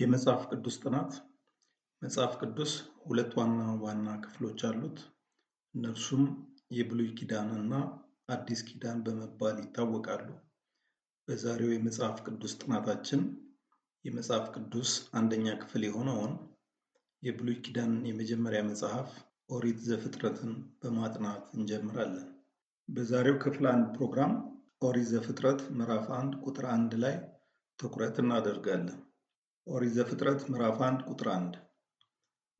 የመጽሐፍ ቅዱስ ጥናት መጽሐፍ ቅዱስ ሁለት ዋና ዋና ክፍሎች አሉት። እነርሱም የብሉይ ኪዳን እና አዲስ ኪዳን በመባል ይታወቃሉ። በዛሬው የመጽሐፍ ቅዱስ ጥናታችን የመጽሐፍ ቅዱስ አንደኛ ክፍል የሆነውን የብሉይ ኪዳን የመጀመሪያ መጽሐፍ ኦሪት ዘፍጥረትን በማጥናት እንጀምራለን። በዛሬው ክፍል አንድ ፕሮግራም ኦሪት ዘፍጥረት ምዕራፍ አንድ ቁጥር አንድ ላይ ትኩረት እናደርጋለን። ኦሪት ዘፍጥረት ምዕራፍ 1 ቁጥር 1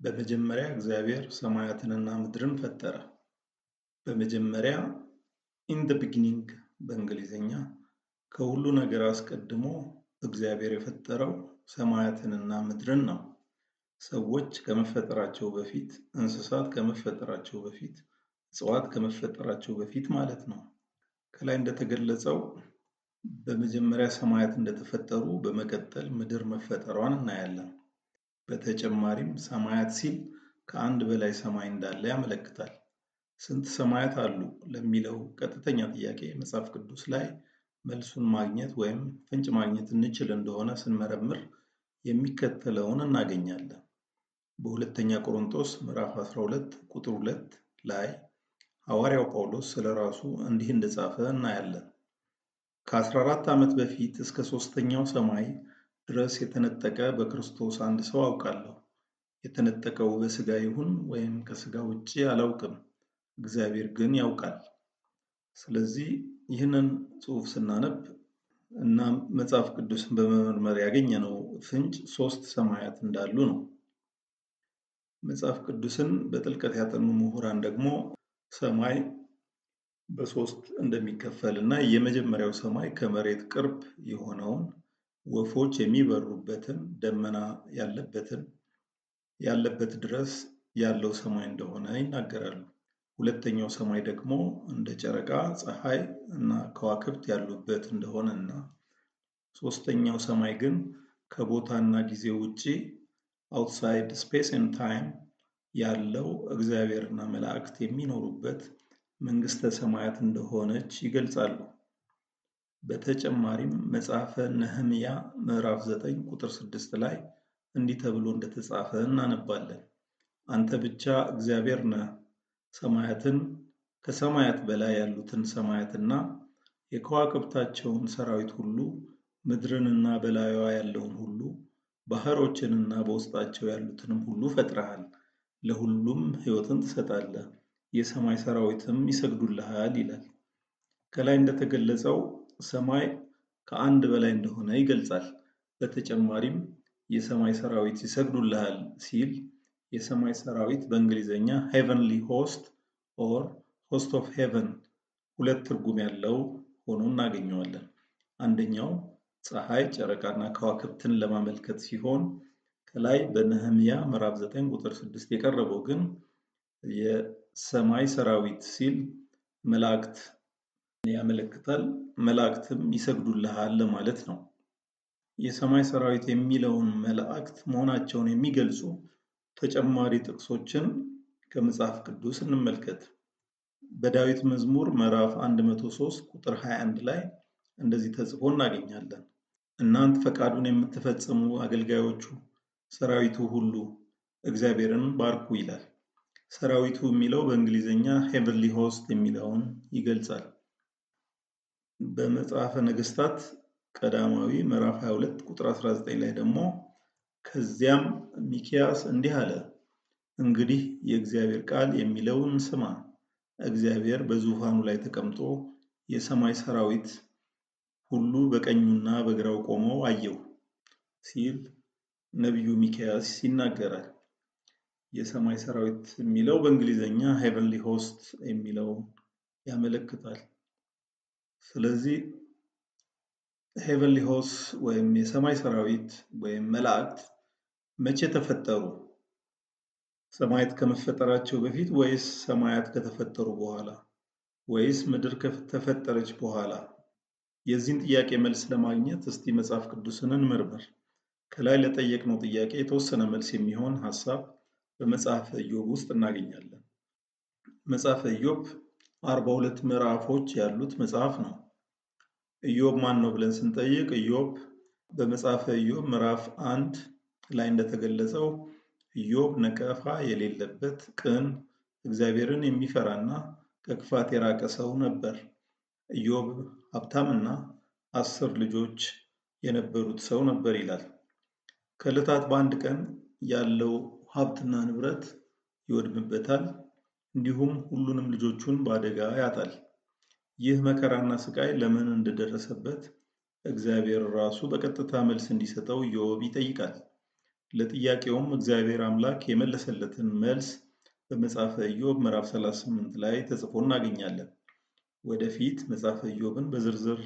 በመጀመሪያ እግዚአብሔር ሰማያትንና ምድርን ፈጠረ። በመጀመሪያ ኢን ዘ ቢጊኒንግ በእንግሊዝኛ ከሁሉ ነገር አስቀድሞ እግዚአብሔር የፈጠረው ሰማያትንና ምድርን ነው። ሰዎች ከመፈጠራቸው በፊት፣ እንስሳት ከመፈጠራቸው በፊት፣ እጽዋት ከመፈጠራቸው በፊት ማለት ነው። ከላይ እንደተገለጸው በመጀመሪያ ሰማያት እንደተፈጠሩ በመቀጠል ምድር መፈጠሯን እናያለን። በተጨማሪም ሰማያት ሲል ከአንድ በላይ ሰማይ እንዳለ ያመለክታል። ስንት ሰማያት አሉ ለሚለው ቀጥተኛ ጥያቄ መጽሐፍ ቅዱስ ላይ መልሱን ማግኘት ወይም ፍንጭ ማግኘት እንችል እንደሆነ ስንመረምር የሚከተለውን እናገኛለን። በሁለተኛ ቆሮንቶስ ምዕራፍ 12 ቁጥር 2 ላይ ሐዋርያው ጳውሎስ ስለ ራሱ እንዲህ እንደጻፈ እናያለን። ከ14 ዓመት በፊት እስከ ሦስተኛው ሰማይ ድረስ የተነጠቀ በክርስቶስ አንድ ሰው አውቃለሁ። የተነጠቀው በሥጋ ይሁን ወይም ከሥጋ ውጭ አላውቅም፣ እግዚአብሔር ግን ያውቃል። ስለዚህ ይህንን ጽሑፍ ስናነብ እና መጽሐፍ ቅዱስን በመመርመር ያገኘነው ፍንጭ ሦስት ሰማያት እንዳሉ ነው። መጽሐፍ ቅዱስን በጥልቀት ያጠኑ ምሁራን ደግሞ ሰማይ በሶስት እንደሚከፈል እና የመጀመሪያው ሰማይ ከመሬት ቅርብ የሆነውን፣ ወፎች የሚበሩበትን፣ ደመና ያለበትን ያለበት ድረስ ያለው ሰማይ እንደሆነ ይናገራሉ። ሁለተኛው ሰማይ ደግሞ እንደ ጨረቃ፣ ፀሐይ እና ከዋክብት ያሉበት እንደሆነ እና ሶስተኛው ሰማይ ግን ከቦታና ጊዜ ውጪ አውትሳይድ ስፔስ ን ታይም ያለው፣ እግዚአብሔርና መላእክት የሚኖሩበት መንግሥተ ሰማያት እንደሆነች ይገልጻሉ። በተጨማሪም መጽሐፈ ነህምያ ምዕራፍ 9 ቁጥር 6 ላይ እንዲህ ተብሎ እንደተጻፈ እናነባለን። አንተ ብቻ እግዚአብሔር ነህ፣ ሰማያትን ከሰማያት በላይ ያሉትን ሰማያትና የከዋክብታቸውን ሰራዊት ሁሉ ምድርንና በላዩዋ ያለውን ሁሉ ባህሮችንና በውስጣቸው ያሉትንም ሁሉ ፈጥረሃል። ለሁሉም ሕይወትን ትሰጣለህ፣ የሰማይ ሰራዊትም ይሰግዱልሃል ይላል። ከላይ እንደተገለጸው ሰማይ ከአንድ በላይ እንደሆነ ይገልጻል። በተጨማሪም የሰማይ ሰራዊት ይሰግዱልሃል ሲል የሰማይ ሰራዊት በእንግሊዝኛ ሄቨንሊ ሆስት ኦር ሆስት ኦፍ ሄቨን ሁለት ትርጉም ያለው ሆኖ እናገኘዋለን። አንደኛው ፀሐይ፣ ጨረቃና ከዋክብትን ለማመልከት ሲሆን ከላይ በነህምያ ምዕራፍ 9 ቁጥር 6 የቀረበው ግን ሰማይ ሰራዊት ሲል መላእክት ያመለክታል። መላእክትም ይሰግዱልሃል ለማለት ነው። የሰማይ ሰራዊት የሚለውን መላእክት መሆናቸውን የሚገልጹ ተጨማሪ ጥቅሶችን ከመጽሐፍ ቅዱስ እንመልከት። በዳዊት መዝሙር ምዕራፍ 103 ቁጥር 21 ላይ እንደዚህ ተጽፎ እናገኛለን። እናንት ፈቃዱን የምትፈጽሙ አገልጋዮቹ፣ ሰራዊቱ ሁሉ እግዚአብሔርን ባርኩ ይላል። ሰራዊቱ የሚለው በእንግሊዝኛ ሄቨንሊ ሆስት የሚለውን ይገልጻል። በመጽሐፈ ነገስታት ቀዳማዊ ምዕራፍ 22 ቁጥር 19 ላይ ደግሞ ከዚያም ሚኪያስ እንዲህ አለ፣ እንግዲህ የእግዚአብሔር ቃል የሚለውን ስማ፣ እግዚአብሔር በዙፋኑ ላይ ተቀምጦ የሰማይ ሰራዊት ሁሉ በቀኙና በግራው ቆመው አየው ሲል ነቢዩ ሚኪያስ ይናገራል። የሰማይ ሰራዊት የሚለው በእንግሊዝኛ ሄቨንሊ ሆስት የሚለው ያመለክታል። ስለዚህ ሄቨንሊ ሆስ ወይም የሰማይ ሰራዊት ወይም መላእክት መቼ ተፈጠሩ? ሰማያት ከመፈጠራቸው በፊት ወይስ ሰማያት ከተፈጠሩ በኋላ ወይስ ምድር ከተፈጠረች በኋላ? የዚህን ጥያቄ መልስ ለማግኘት እስቲ መጽሐፍ ቅዱስን እንመርምር። ከላይ ለጠየቅነው ጥያቄ የተወሰነ መልስ የሚሆን ሀሳብ በመጽሐፈ ኢዮብ ውስጥ እናገኛለን። መጽሐፈ ኢዮብ አርባ ሁለት ምዕራፎች ያሉት መጽሐፍ ነው። ኢዮብ ማን ነው ብለን ስንጠይቅ ኢዮብ በመጽሐፈ ኢዮብ ምዕራፍ አንድ ላይ እንደተገለጸው ኢዮብ ነቀፋ የሌለበት ቅን፣ እግዚአብሔርን የሚፈራና ከክፋት የራቀ ሰው ነበር። ኢዮብ ሀብታምና አስር ልጆች የነበሩት ሰው ነበር ይላል። ከዕለታት በአንድ ቀን ያለው ሀብትና ንብረት ይወድምበታል፣ እንዲሁም ሁሉንም ልጆቹን በአደጋ ያጣል። ይህ መከራና ስቃይ ለምን እንደደረሰበት እግዚአብሔር ራሱ በቀጥታ መልስ እንዲሰጠው ኢዮብ ይጠይቃል። ለጥያቄውም እግዚአብሔር አምላክ የመለሰለትን መልስ በመጽሐፈ ኢዮብ ምዕራፍ 38 ላይ ተጽፎ እናገኛለን። ወደፊት መጽሐፈ ኢዮብን በዝርዝር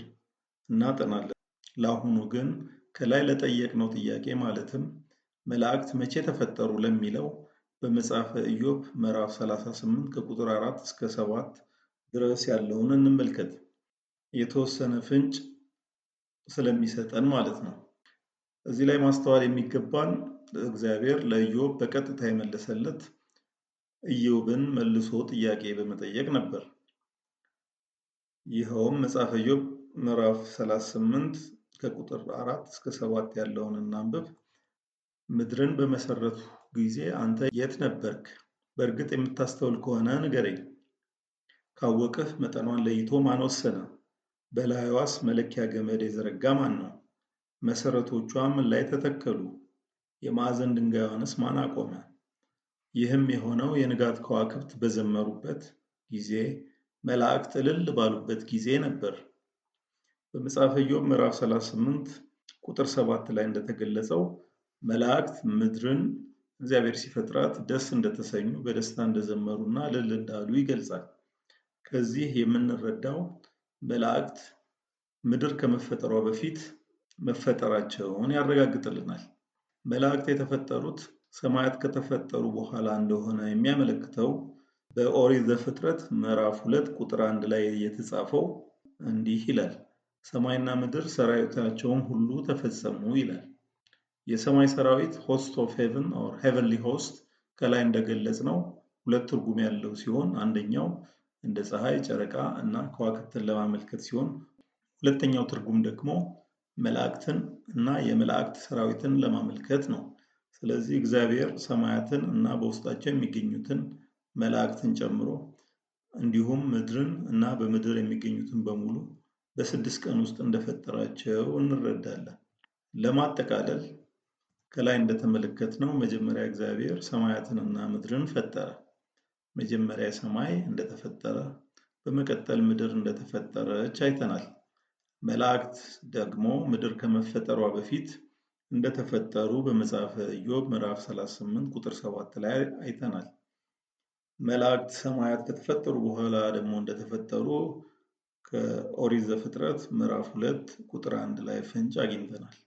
እናጠናለን። ለአሁኑ ግን ከላይ ለጠየቅነው ጥያቄ ማለትም መላእክት መቼ ተፈጠሩ ለሚለው በመጽሐፈ ኢዮብ ምዕራፍ 38 ከቁጥር 4 እስከ 7 ድረስ ያለውን እንመልከት። የተወሰነ ፍንጭ ስለሚሰጠን ማለት ነው። እዚህ ላይ ማስተዋል የሚገባን እግዚአብሔር ለኢዮብ በቀጥታ የመለሰለት ኢዮብን መልሶ ጥያቄ በመጠየቅ ነበር። ይኸውም መጽሐፈ ኢዮብ ምዕራፍ 38 ከቁጥር 4 እስከ 7 ያለውን እናንብብ። ምድርን በመሰረቱ ጊዜ አንተ የት ነበርክ? በእርግጥ የምታስተውል ከሆነ ንገረኝ። ካወቅህ መጠኗን ለይቶ ማን ወሰነ? በላይዋስ መለኪያ ገመድ የዘረጋ ማን ነው? መሰረቶቿ ምን ላይ ተተከሉ? የማዕዘን ድንጋይዋንስ ማን አቆመ? ይህም የሆነው የንጋት ከዋክብት በዘመሩበት ጊዜ፣ መላእክት እልል ባሉበት ጊዜ ነበር። በመጽሐፈ ኢዮብ ምዕራፍ 38 ቁጥር 7 ላይ እንደተገለጸው መላእክት ምድርን እግዚአብሔር ሲፈጥራት ደስ እንደተሰኙ በደስታ እንደዘመሩና እልል እንዳሉ ይገልጻል። ከዚህ የምንረዳው መላእክት ምድር ከመፈጠሯ በፊት መፈጠራቸውን ያረጋግጥልናል። መላእክት የተፈጠሩት ሰማያት ከተፈጠሩ በኋላ እንደሆነ የሚያመለክተው በኦሪት ዘፍጥረት ምዕራፍ ሁለት ቁጥር አንድ ላይ የተጻፈው እንዲህ ይላል፣ ሰማይና ምድር ሰራዊታቸውም ሁሉ ተፈጸሙ ይላል። የሰማይ ሰራዊት ሆስት ኦፍ ሄቨን ኦር ሄቨንሊ ሆስት ከላይ እንደገለጽ ነው ሁለት ትርጉም ያለው ሲሆን አንደኛው እንደ ፀሐይ፣ ጨረቃ እና ከዋክብትን ለማመልከት ሲሆን ሁለተኛው ትርጉም ደግሞ መላእክትን እና የመላእክት ሰራዊትን ለማመልከት ነው። ስለዚህ እግዚአብሔር ሰማያትን እና በውስጣቸው የሚገኙትን መላእክትን ጨምሮ እንዲሁም ምድርን እና በምድር የሚገኙትን በሙሉ በስድስት ቀን ውስጥ እንደፈጠራቸው እንረዳለን። ለማጠቃለል ከላይ እንደተመለከትነው መጀመሪያ እግዚአብሔር ሰማያትንና ምድርን ፈጠረ። መጀመሪያ ሰማይ እንደተፈጠረ በመቀጠል ምድር እንደተፈጠረች አይተናል። መላእክት ደግሞ ምድር ከመፈጠሯ በፊት እንደተፈጠሩ በመጽሐፈ ኢዮብ ምዕራፍ 38 ቁጥር 7 ላይ አይተናል። መላእክት ሰማያት ከተፈጠሩ በኋላ ደግሞ እንደተፈጠሩ ከኦሪት ዘፍጥረት ምዕራፍ 2 ቁጥር 1 ላይ ፍንጭ አግኝተናል።